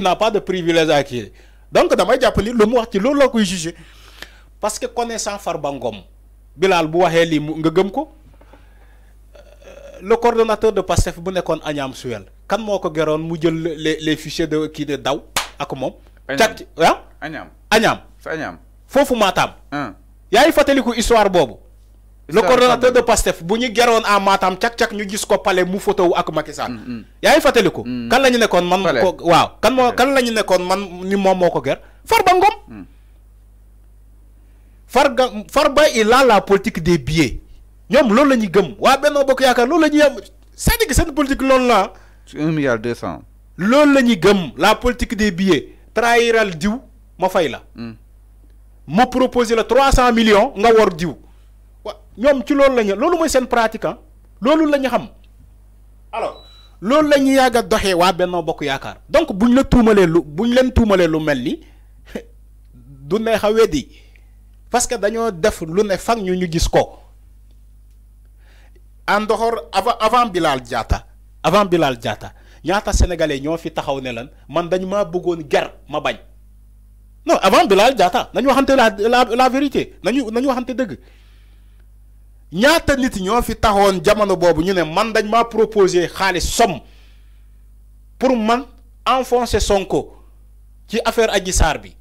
n'a pas de privilèges acquis donc damay jàpp ni le qui wax ci jugé parce que connaissant Farbangom, Bilal bu waxee euh, le coordonnateur de PASTEF bu nekkoon Agnam Suel kan moi que moi mu jël les fichiers de qui de daw ak comment càcc ah. Agnam Agnam. Il Matam. Hein. yaa ngi fàttaliku histoire bob le coordonnateur de PASTEF si ñu geroon à Matam cak-cak ñu gis ko pale mu photo Macky Sall mm, mm. Mm. kan la ñu man waaw kan nous kan Farba il a la politique des billets Nous loolu la gëm le Benno Bokk la cest politique la 1 milliard deux cent Le la la politique des billets trahiral Diou, ma fay la proposer le 300 millions nga le diw ñoom ci loolu lañu loolu mooy seen pratique ah loolu la ñu xam alo loolu la ñu yàgg a doxee waa Benno Bokk Yaakaar donc bu buñ la tuumalee lu buñ leen tuumalee lu mel ni du neex a weddi parce que dañoo def lu nekk fag ñu ñu gis ko en dehors avant avant Bilal Diatta avant Bilal jaata ñaata sénégalais ñoo fi taxaw ne lan man dañu maa bëggoon ger ma bañ non avant Bilal Diatta nañu waxante la la la vérité nañu nañu waxante dëgg. ñaata nit ñoo fi taxoon jamono boobu ñu ne man dañ maa proposé xaalis som pour man enfoncer Sonko ci affaire Adji Sarr bi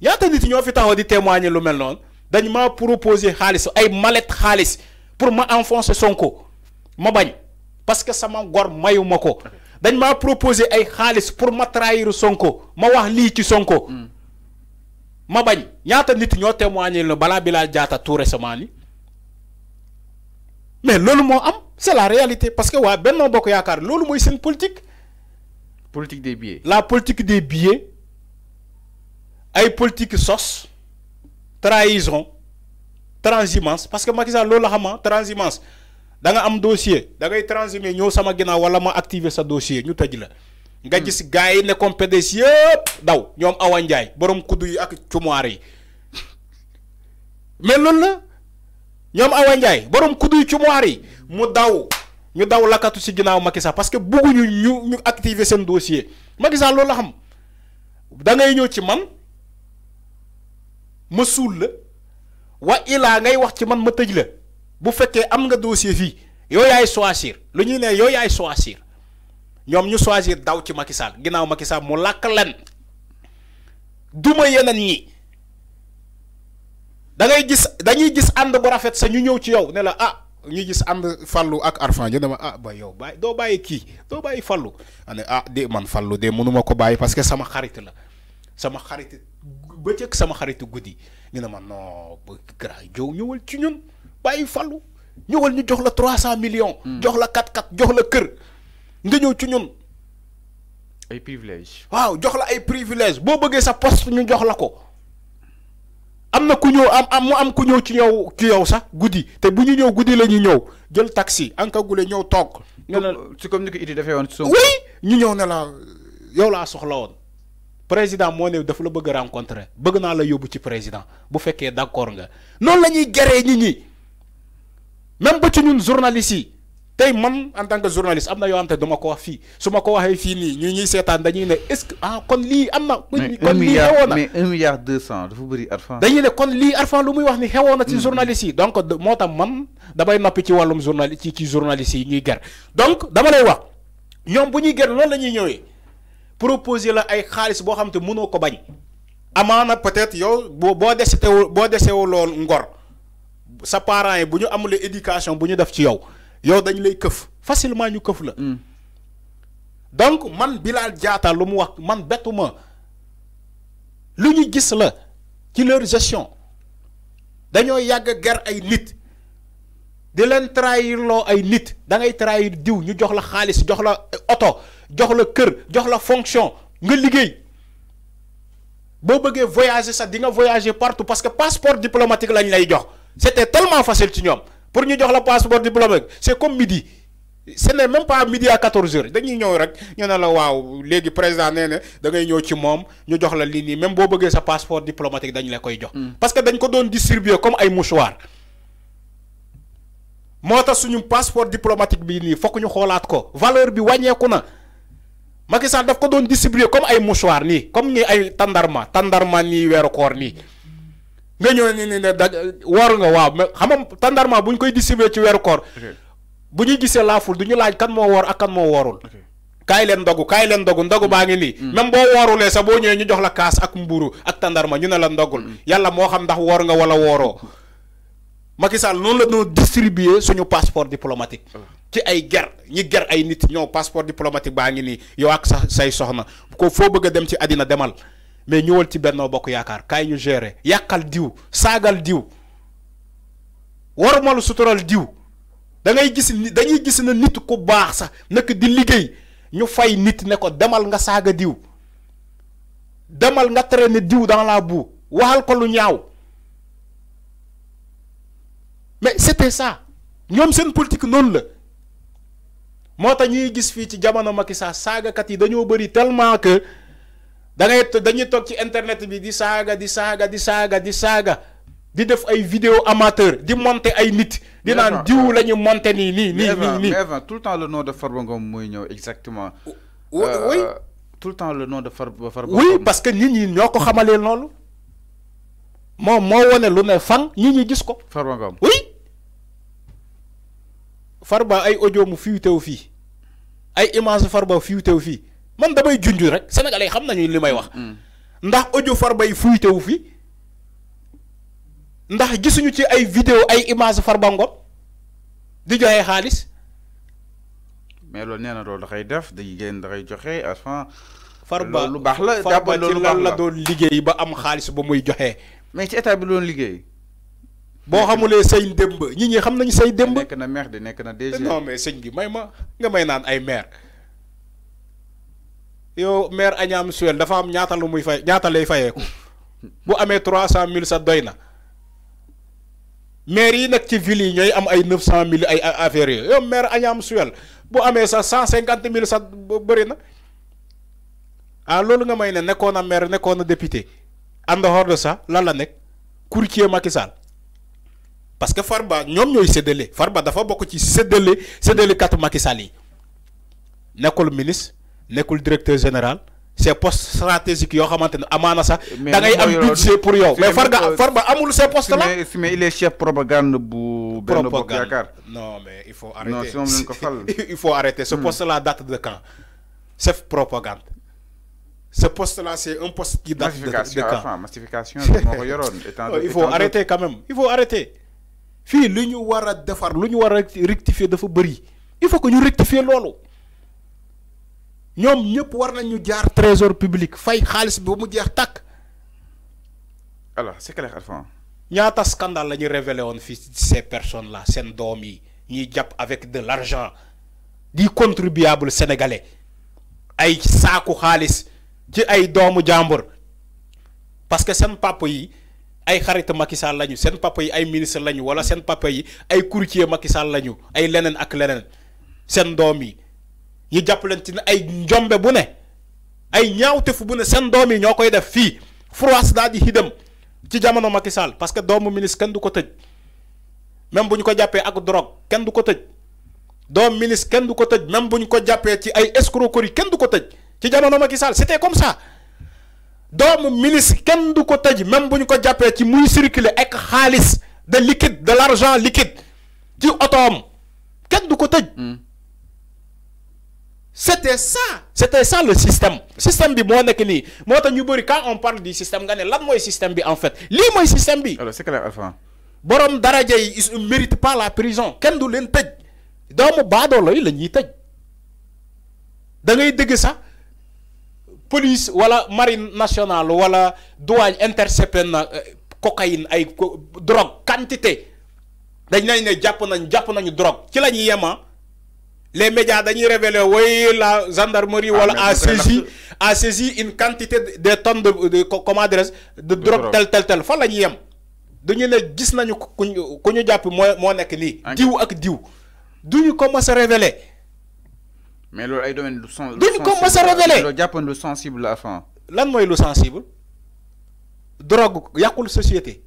ñaata nit ñoo fi taxaw di témoigner lu mel noonu dañ maa proposé xaalis ay mallette xaalis pour ma enfoncer Sonko ma bañ parce que sama gor mayu ko dañ maa proposé ay xaalis pour ma trahir Sonko ma wax lii ci Sonko hmm. ma bañ ñaata nit ñoo témoigner lu balaa Bilal jaata tout récemment ni mais lolu mo am c'est la réalité parce que waa Benno Bokk Yaakaar loolu c'est une politique. politique des billets. la politique des billets ay politique sos trahison transhumance parce que Macky Sall loolu la xam ah, transhumance da nga am dossier da ngay transhumer ñeu sama ginaaw wala ma activer sa dossier ñu tëj la. nga hmm. gis gars yi nekkoon PDS yépp daw ñom Awa Ndiaye borom kuddu yi ak cumaar yi mais loolu la. ñoom Awa Ndiaye borom kudduy ci moir yi mu daw ñu daw lakkatu si ginnaaw Macky Sall parce que bëgguñu ñu ñu activer seen dossier Macky Sall loolu la xam da ñëw ci man ma suul la wa ilaa ngay wax ci man ma tëj la bu fekkee am nga dossier fii yow yaay choisir lu ñuy ne yow yaay choisir ñoom ñu choisir daw ci Macky Sall ginnaaw Macky Sall mu làkk leen duma yeneen ñi. da ngay gis dañuy gis ànd ba rafet sax ñu ñëw ci yow ne la ah ñu gis ànd fallu ak arfan ja dama ah ba yow doo bàyyi kii doo bàyyi fallu ane ah de man fallu de mënuma ko bàyyi parce que sama xarit la sama xarit ba bëccëg sama xaritu guddi ñu ne ma non ba grand jow ñëwal ci ñun bàyyi fallu ñëwal ñu jox la trois cent millions hmm. jox la kat kat jox la kër nga ñëw ci ñun ay privilège waaw jox la ay privilège boo bëggee sa poste ñu jox la ko am na ku ñëw am am mu am ku ñëw ci yow ci yow sax guddi te bu ñu ñëw guddi la ñu ñëw jël taxi ankagule ñëw toog. nga ne si comme ni ko Idy defee woon ci oui ñu ñëw ne la yow laa soxla woon président moo ne dafa la bëgg a bëgg naa la yóbbu ci président bu fekkee d'accord nga noonu la ñuy géré nit ñi même ba ci ñun journalistes yi. tey man en tant que journaliste am na yoo xam te dama ko wax fii su ma ko waxee fii nii ñu ñuy seetaan dañuy ne est-ce que ah kon lii am na. kon lii xewoon cent dafa bëri Arfan. dañuy ne kon lii Arfan lu muy wax ni xewoon na ci mm-hmm. journaliste yi donc moo tax man damay noppi ci wàllum journal ci ci journaliste yi ñuy ger donc dama lay wax ñoom bu ñuy ger loolu la ñuy ñëwee proposer la ay xaalis boo xam te munoo ko bañ. amaana peut-être yow boo boo desetewu boo desewuloon ngor sa parents yi bu ñu amulee éducation bu ñu def ci yow. yow dañ lay keuf facilement ñu keuf la. Mm. donc man Bilal diata lu mu wax man betuma lu ñu gis la ci leur gestion dañoo yàgg ger ay nit di leen trahirloo ay nit da ngay trahir diw ñu jox la xaalis jox la eh, oto jox la kër jox la fonction nga liggéey boo bëggee voyager sax di nga voyager partout parce que passeport diplomatique lañ lay jox c'était tellement facile ci ñoom pour ñu jox la passeport diplomatique c'est comme midi ce n'est même pas midi à 14 h dañuy ñëw rek ñu na la waaw légui président nee da ngay ñëw ci mom ñu jox la ligne même bo bëggee sa passeport diplomatique dañ la koy jox. Hmm. parce que dañ ko doon distribuer comme ay mouchoir. moo suñu passeport diplomatique bi ni foku ñu xoolaat ko valeur bi wàññeeku na Macky Sall daf ko doon distribuer comme ay mouchoir ni comme ni ay tandarma tandarma nii koor nga ñëw ni ne daj woor nga waaw mais xam nga tàndarma bu ñu koy distribuer ci weeru koor bu ñuy gisee laaj kan moo woor ak kan moo woorul kaay leen ndogu kaay leen ndogu ndogu baa ngi nii mm. même boo woorulee sa boo ñëwee ñu jox la kaas ak mburu ak tàndarma ñu ne la ndogul mm. yàlla moo xam ndax woor nga wala wooroo Macky Sall noonu la doon distribuer suñu passeport diplomatique ah. ci ay ger ñi ger ay nit ñoo passeport diplomatique baa ngi nii yow ak sa say soxna ko foo bëgg a dem ci demal mais ñëwal ci Benno Bokk Yaakaar kaay ñu gérer yàqal diw saagal diw warumalu sutural diw da ngay gis ni dañuy gis na nit ku baax sax nak di liggéey ñu fay nit ne ko demal nga saaga diw demal nga traîner diw dans la boue waxal ko lu ñaaw mais c'était ça ñoom seen politique noonu la moo tax ñuy gis fii ci jamono Macky Sall saagakat yi dañoo bëri tellement que. da ngay dañuy tok ci internet bi di saga di saga di saga di saga di def ay vidéo amateur di monter ay nit. di nan diw lañu monter ni ni ni ni mais mais tout le temps le nom de Farba Ngom mooy exactement. oui euh, tout le temps le nom de Farba Farba. oui parce que nit ñi ñoko xamalé xamalee loolu. mo moo wane lu ne fan nit ñi gis ko. Farba Ngom oui. Farba ay audio mu fiy teew ay image Farba fiy teew man damay junj rek sénégalais xam nañu li may wax. Mm. ndax audio Farba yi fuyte wu fii ndax gisuñu ci ay vidéo ay image Farba Ngom di joxe xaalis. mais loolu nee na loolu dafay def dañuy génn dafay joxe far ba lu baax la Farba ci lan la doon liggéey ba am xaalis ba muy joxe. mais ci état bi doon liggéey. boo xamulee say démb ñi ñi xam nañu say démb. nekk na maire di nekk na DG. non mais sëñ gi may ma nga may naan ay maire yow maire Agnam Suel dafa am ñaata lu muy fay ñaata lay bu amé trois doy na maire yi ci ville yi ay maire Agnam Suel bu amé cent cinquante ah nga may député en dehors de ça lan la nek courtier parce que Farba ñom ñoy délai. Farba dafa ci délai. quatre Macky Sall yi ministre nekul directeur général ces postes stratégiques yo xamante amana amaana sax. da ngay am budget pour yow. mais farga Farba amul ces postes là. mais mais il est chef propagande bu. ben Bokk yakar non mais il faut. arrêter non si on lañ ko fal. il faut arrêter ce hmm. poste là date de quand chef propagande. ce poste-là, c'est un poste qui date de, de enfin, massification, de, il faut arrêter quand même. Il faut arrêter. fi l'union wara défar, l'union wara rectifier de Il faut que nous rectifions l'eau ñom ñëpp war nañu jaar trésor public fay xaliss bi mu jeex tak alors c'est clair Arfan. ñaata scandale la ñu révélé woon fi ces personnes là sen doom yi ñi japp avec de l'argent di contribuable sénégalais ay saaku xaliss ci ay doomu jàmbur parce que sen papa yi ay xarit Macky Sall lañu sen papa yi ay ministre lañu wala sen papa yi ay courtier Macky Sall lañu ay lenen ak lenen sen doom yi ñu jàppalante ay njombe bu ne ay bu ne seen doom yi def fii froisse daal di ci jamono parce que doomu ministre kenn du ko même bu ko jàppee ak drogue kenn du ko tëj ministre même ko ci ay escroquerie kenn du ko ci c'était comme ça doomu ministre kenn du même bu ko jàppee de liquide de l'argent liquide ci otoom kenn du ko hmm c'était ça c'était ça le système système bi moi nekk nii moo tax ñu bëri quand on parle du système nga ne lan système bi en fait lii le système bi. alors c'est clair Alpha. borom daraja yi ils ne méritent pas la prison Ken dou len tej. doomu baadoola yi la ñuy tëj da ngay deug sax police wala marine nationale wala douane intercepter na euh, cocaïne ay drogue quantité dañ nañ ne japp nañ japp nañu drogue ci lañuy yema ah les médias ont révéler oui la gendarmerie ah, a saisi a saisi une quantité de tonnes de de de drogue tel tel tel la dañu ne gis nañu ku connu ak diw duñu d'où révéler. mais le ay domaine sensible révéler Le le sensible la lan est le sensible drogue société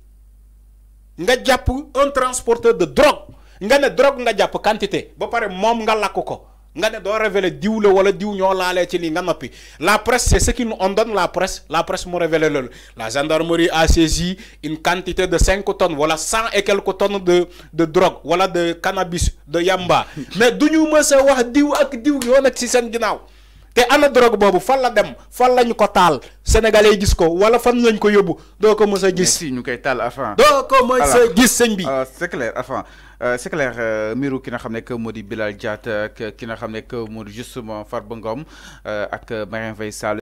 un transporteur de drogue nga ne drogue nga japp quantité ba pare mom nga lakko nga ne do révéler diw la wala diw ñoo laalé ci sont nga la presse c'est ce qui nous on la presse la presse nous révélé la gendarmerie a saisi une quantité de 5 tonnes Voilà 100 et quelques tonnes de de drogue wala de cannabis de yamba mais duñu wax diw ak diw ci y a té ana drogue bobu fa la dem ko taal sénégalais gis ko wala fan lañ ko yobbu do ko ñu taal c'est clair euh, c'est clair euh, Miro ki n'a xam que moo Bilal diat qui ki nga que moo justement Farba Ngom euh, ak Marième